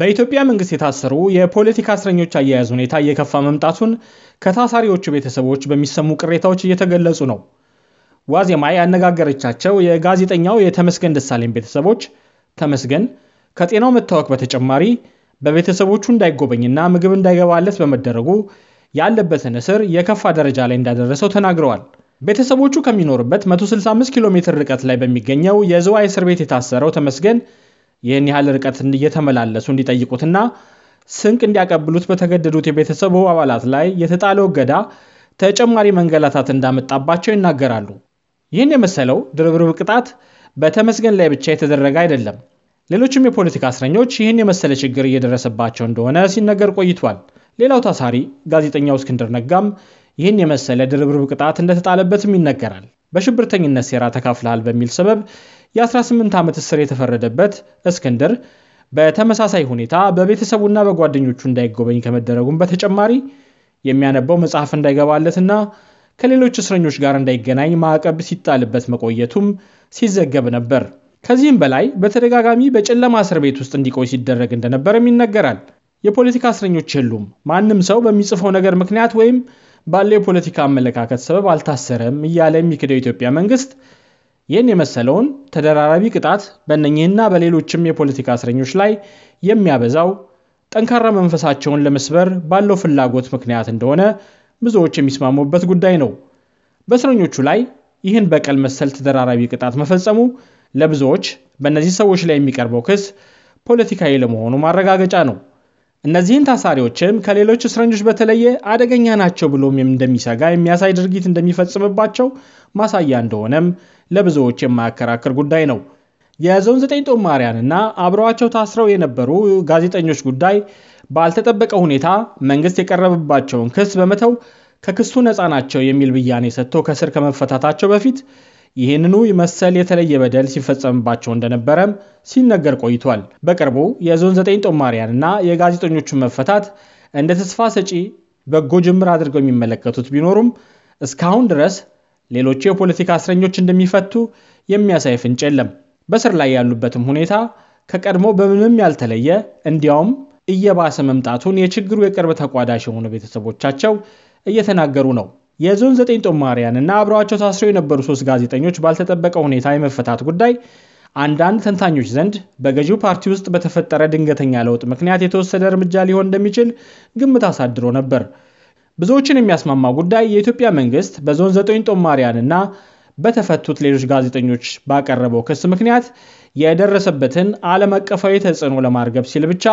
በኢትዮጵያ መንግስት የታሰሩ የፖለቲካ እስረኞች አያያዝ ሁኔታ እየከፋ መምጣቱን ከታሳሪዎቹ ቤተሰቦች በሚሰሙ ቅሬታዎች እየተገለጹ ነው። ዋዜማ ያነጋገረቻቸው የጋዜጠኛው የተመስገን ደሳለኝ ቤተሰቦች ተመስገን ከጤናው መታወክ በተጨማሪ በቤተሰቦቹ እንዳይጎበኝና ምግብ እንዳይገባለት በመደረጉ ያለበትን እስር የከፋ ደረጃ ላይ እንዳደረሰው ተናግረዋል። ቤተሰቦቹ ከሚኖርበት 165 ኪሎ ሜትር ርቀት ላይ በሚገኘው የዝዋይ እስር ቤት የታሰረው ተመስገን ይህን ያህል ርቀት እየተመላለሱ እንዲጠይቁትና ስንቅ እንዲያቀብሉት በተገደዱት የቤተሰቡ አባላት ላይ የተጣለው እገዳ ተጨማሪ መንገላታት እንዳመጣባቸው ይናገራሉ። ይህን የመሰለው ድርብርብ ቅጣት በተመስገን ላይ ብቻ የተደረገ አይደለም። ሌሎችም የፖለቲካ እስረኞች ይህን የመሰለ ችግር እየደረሰባቸው እንደሆነ ሲነገር ቆይቷል። ሌላው ታሳሪ ጋዜጠኛው እስክንድር ነጋም ይህን የመሰለ ድርብርብ ቅጣት እንደተጣለበትም ይነገራል። በሽብርተኝነት ሴራ ተካፍለሃል በሚል ሰበብ የ18 ዓመት እስር የተፈረደበት እስክንድር በተመሳሳይ ሁኔታ በቤተሰቡና በጓደኞቹ እንዳይጎበኝ ከመደረጉም በተጨማሪ የሚያነባው መጽሐፍ እንዳይገባለትና ከሌሎች እስረኞች ጋር እንዳይገናኝ ማዕቀብ ሲጣልበት መቆየቱም ሲዘገብ ነበር። ከዚህም በላይ በተደጋጋሚ በጨለማ እስር ቤት ውስጥ እንዲቆይ ሲደረግ እንደነበርም ይነገራል። የፖለቲካ እስረኞች የሉም፣ ማንም ሰው በሚጽፈው ነገር ምክንያት ወይም ባለው የፖለቲካ አመለካከት ሰበብ አልታሰረም እያለ የሚክደው የኢትዮጵያ መንግስት ይህን የመሰለውን ተደራራቢ ቅጣት በእነኚህና በሌሎችም የፖለቲካ እስረኞች ላይ የሚያበዛው ጠንካራ መንፈሳቸውን ለመስበር ባለው ፍላጎት ምክንያት እንደሆነ ብዙዎች የሚስማሙበት ጉዳይ ነው። በእስረኞቹ ላይ ይህን በቀል መሰል ተደራራቢ ቅጣት መፈጸሙ ለብዙዎች በእነዚህ ሰዎች ላይ የሚቀርበው ክስ ፖለቲካዊ ለመሆኑ ማረጋገጫ ነው። እነዚህን ታሳሪዎችም ከሌሎች እስረኞች በተለየ አደገኛ ናቸው ብሎም እንደሚሰጋ የሚያሳይ ድርጊት እንደሚፈጽምባቸው ማሳያ እንደሆነም ለብዙዎች የማያከራክር ጉዳይ ነው። የዞን ዘጠኝ ና አብረዋቸው ታስረው የነበሩ ጋዜጠኞች ጉዳይ ባልተጠበቀ ሁኔታ መንግስት የቀረበባቸውን ክስ በመተው ከክሱ ነፃ ናቸው የሚል ብያኔ ሰጥቶ ከስር ከመፈታታቸው በፊት ይህንኑ መሰል የተለየ በደል ሲፈጸምባቸው እንደነበረም ሲነገር ቆይቷል። በቅርቡ የዞን ዘጠኝ እና የጋዜጠኞቹን መፈታት እንደ ተስፋ ሰጪ በጎ ጅምር አድርገው የሚመለከቱት ቢኖሩም እስካሁን ድረስ ሌሎች የፖለቲካ እስረኞች እንደሚፈቱ የሚያሳይ ፍንጭ የለም። በስር ላይ ያሉበትም ሁኔታ ከቀድሞ በምንም ያልተለየ እንዲያውም እየባሰ መምጣቱን የችግሩ የቅርብ ተቋዳሽ የሆኑ ቤተሰቦቻቸው እየተናገሩ ነው። የዞን ዘጠኝ ጦማሪያንና አብረዋቸው ታስረው የነበሩ ሶስት ጋዜጠኞች ባልተጠበቀ ሁኔታ የመፈታት ጉዳይ አንዳንድ ተንታኞች ዘንድ በገዢው ፓርቲ ውስጥ በተፈጠረ ድንገተኛ ለውጥ ምክንያት የተወሰደ እርምጃ ሊሆን እንደሚችል ግምት አሳድሮ ነበር። ብዙዎችን የሚያስማማ ጉዳይ የኢትዮጵያ መንግስት በዞን ዘጠኝ እና በተፈቱት ሌሎች ጋዜጠኞች ባቀረበው ክስ ምክንያት የደረሰበትን ዓለም አቀፋዊ ተጽዕኖ ለማርገብ ሲል ብቻ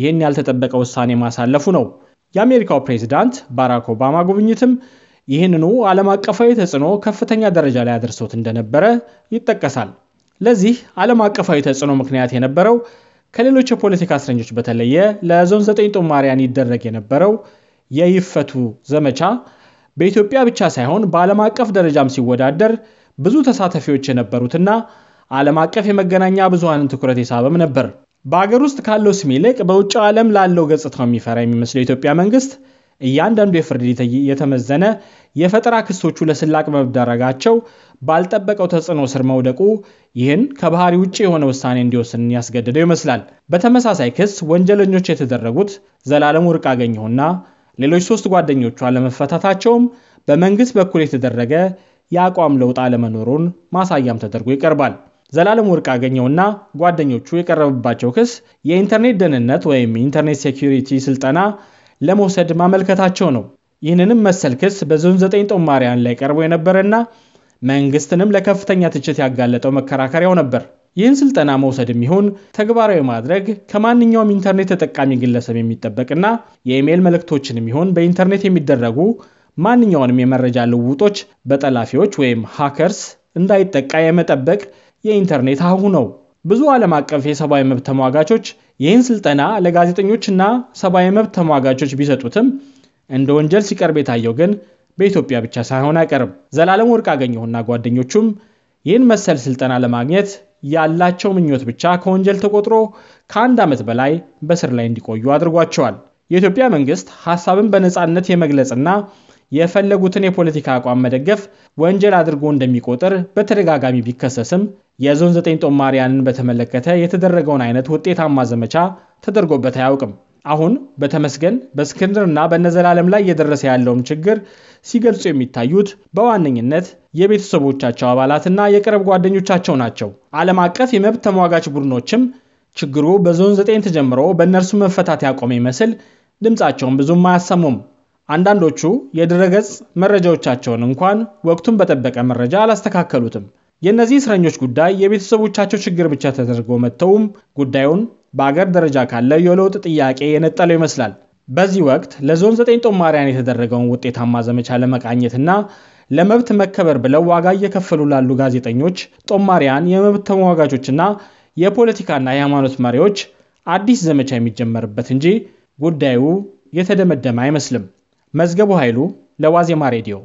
ይህን ያልተጠበቀ ውሳኔ ማሳለፉ ነው። የአሜሪካው ፕሬዚዳንት ባራክ ኦባማ ጉብኝትም ይህንኑ ዓለም አቀፋዊ ተጽዕኖ ከፍተኛ ደረጃ ላይ አድርሶት እንደነበረ ይጠቀሳል። ለዚህ ዓለም አቀፋዊ ተጽዕኖ ምክንያት የነበረው ከሌሎች የፖለቲካ እስረኞች በተለየ ለዞን ዘጠኝ ጦማሪያን ይደረግ የነበረው የይፈቱ ዘመቻ በኢትዮጵያ ብቻ ሳይሆን በዓለም አቀፍ ደረጃም ሲወዳደር ብዙ ተሳታፊዎች የነበሩትና ዓለም አቀፍ የመገናኛ ብዙሃንን ትኩረት የሳበም ነበር። በአገር ውስጥ ካለው ስም ይልቅ በውጭ ዓለም ላለው ገጽታው የሚፈራ የሚመስለው የኢትዮጵያ መንግስት እያንዳንዱ የፍርድ የተመዘነ የፈጠራ ክሶቹ ለስላቅ መደረጋቸው ባልጠበቀው ተጽዕኖ ስር መውደቁ ይህን ከባህሪ ውጭ የሆነ ውሳኔ እንዲወስን ያስገደደው ይመስላል። በተመሳሳይ ክስ ወንጀለኞች የተደረጉት ዘላለሙ ወርቅ አገኘሁና ሌሎች ሶስት ጓደኞቿ ለመፈታታቸውም በመንግስት በኩል የተደረገ የአቋም ለውጥ አለመኖሩን ማሳያም ተደርጎ ይቀርባል። ዘላለም ወርቅ አገኘውና ጓደኞቹ የቀረበባቸው ክስ የኢንተርኔት ደህንነት ወይም ኢንተርኔት ሴኪሪቲ ስልጠና ለመውሰድ ማመልከታቸው ነው። ይህንንም መሰል ክስ በዞን 9 ጦማሪያን ላይ ቀርቦ የነበረና መንግስትንም ለከፍተኛ ትችት ያጋለጠው መከራከሪያው ነበር። ይህን ስልጠና መውሰድ የሚሆን ተግባራዊ ማድረግ ከማንኛውም ኢንተርኔት ተጠቃሚ ግለሰብ የሚጠበቅና የኢሜይል መልእክቶችን የሚሆን በኢንተርኔት የሚደረጉ ማንኛውንም የመረጃ ልውጦች በጠላፊዎች ወይም ሃከርስ እንዳይጠቃ የመጠበቅ የኢንተርኔት አሁ ነው። ብዙ ዓለም አቀፍ የሰብአዊ መብት ተሟጋቾች ይህን ስልጠና ለጋዜጠኞችና ሰብአዊ መብት ተሟጋቾች ቢሰጡትም እንደ ወንጀል ሲቀርብ የታየው ግን በኢትዮጵያ ብቻ ሳይሆን አይቀርም። ዘላለም ወርቅ አገኘሁና ጓደኞቹም ይህን መሰል ስልጠና ለማግኘት ያላቸው ምኞት ብቻ ከወንጀል ተቆጥሮ ከአንድ ዓመት በላይ በስር ላይ እንዲቆዩ አድርጓቸዋል። የኢትዮጵያ መንግስት ሀሳብን በነፃነት የመግለጽና የፈለጉትን የፖለቲካ አቋም መደገፍ ወንጀል አድርጎ እንደሚቆጥር በተደጋጋሚ ቢከሰስም የዞን 9 ጦማሪያንን በተመለከተ የተደረገውን አይነት ውጤታማ ዘመቻ ተደርጎበት አያውቅም። አሁን በተመስገን በእስክንድርና በነዘላለም ላይ እየደረሰ ያለውም ችግር ሲገልጹ የሚታዩት በዋነኝነት የቤተሰቦቻቸው አባላትና የቅርብ ጓደኞቻቸው ናቸው። ዓለም አቀፍ የመብት ተሟጋች ቡድኖችም ችግሩ በዞን 9 ተጀምሮ በእነርሱ መፈታት ያቆመ ይመስል ድምፃቸውን ብዙም አያሰሙም። አንዳንዶቹ የድረገጽ መረጃዎቻቸውን እንኳን ወቅቱን በጠበቀ መረጃ አላስተካከሉትም። የእነዚህ እስረኞች ጉዳይ የቤተሰቦቻቸው ችግር ብቻ ተደርጎ መጥተውም ጉዳዩን በአገር ደረጃ ካለ የለውጥ ጥያቄ የነጠለው ይመስላል። በዚህ ወቅት ለዞን 9 ጦማሪያን የተደረገውን ውጤታማ ዘመቻ ለመቃኘትና ለመብት መከበር ብለው ዋጋ እየከፈሉ ላሉ ጋዜጠኞች፣ ጦማሪያን፣ የመብት ተሟጋቾችና የፖለቲካና የሃይማኖት መሪዎች አዲስ ዘመቻ የሚጀመርበት እንጂ ጉዳዩ የተደመደመ አይመስልም። መዝገቡ ኃይሉ ለዋዜማ ሬዲዮ